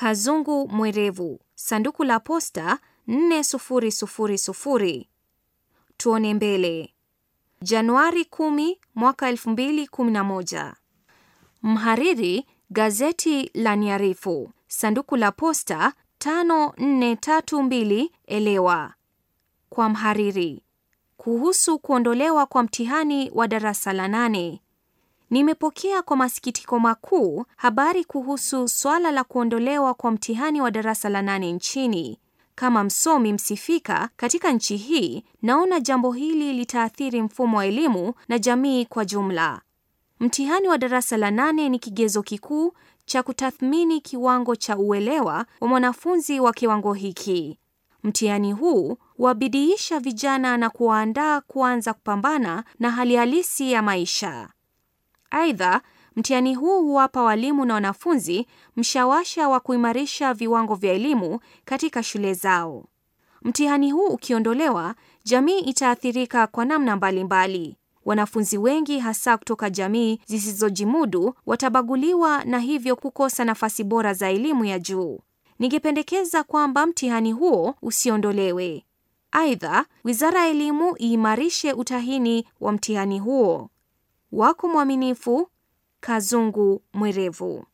Kazungu Mwerevu, sanduku la posta 4000. Tuone mbele. Januari 10 mwaka 2011. Mhariri gazeti la Niarifu, sanduku la posta 5432, Elewa. Kwa mhariri kuhusu kuondolewa kwa mtihani wa darasa la nane. Nimepokea kwa masikitiko makuu habari kuhusu swala la kuondolewa kwa mtihani wa darasa la nane nchini. Kama msomi msifika katika nchi hii, naona jambo hili litaathiri mfumo wa elimu na jamii kwa jumla. Mtihani wa darasa la nane ni kigezo kikuu cha kutathmini kiwango cha uelewa wa mwanafunzi wa kiwango hiki. Mtihani huu wabidiisha vijana na kuwaandaa kuanza kupambana na hali halisi ya maisha. Aidha, mtihani huu huwapa walimu na wanafunzi mshawasha wa kuimarisha viwango vya elimu katika shule zao. Mtihani huu ukiondolewa, jamii itaathirika kwa namna mbalimbali. Wanafunzi wengi hasa kutoka jamii zisizojimudu watabaguliwa na hivyo kukosa nafasi bora za elimu ya juu. Ningependekeza kwamba mtihani huo usiondolewe. Aidha, Wizara ya Elimu iimarishe utahini wa mtihani huo wako mwaminifu, kazungu mwerevu.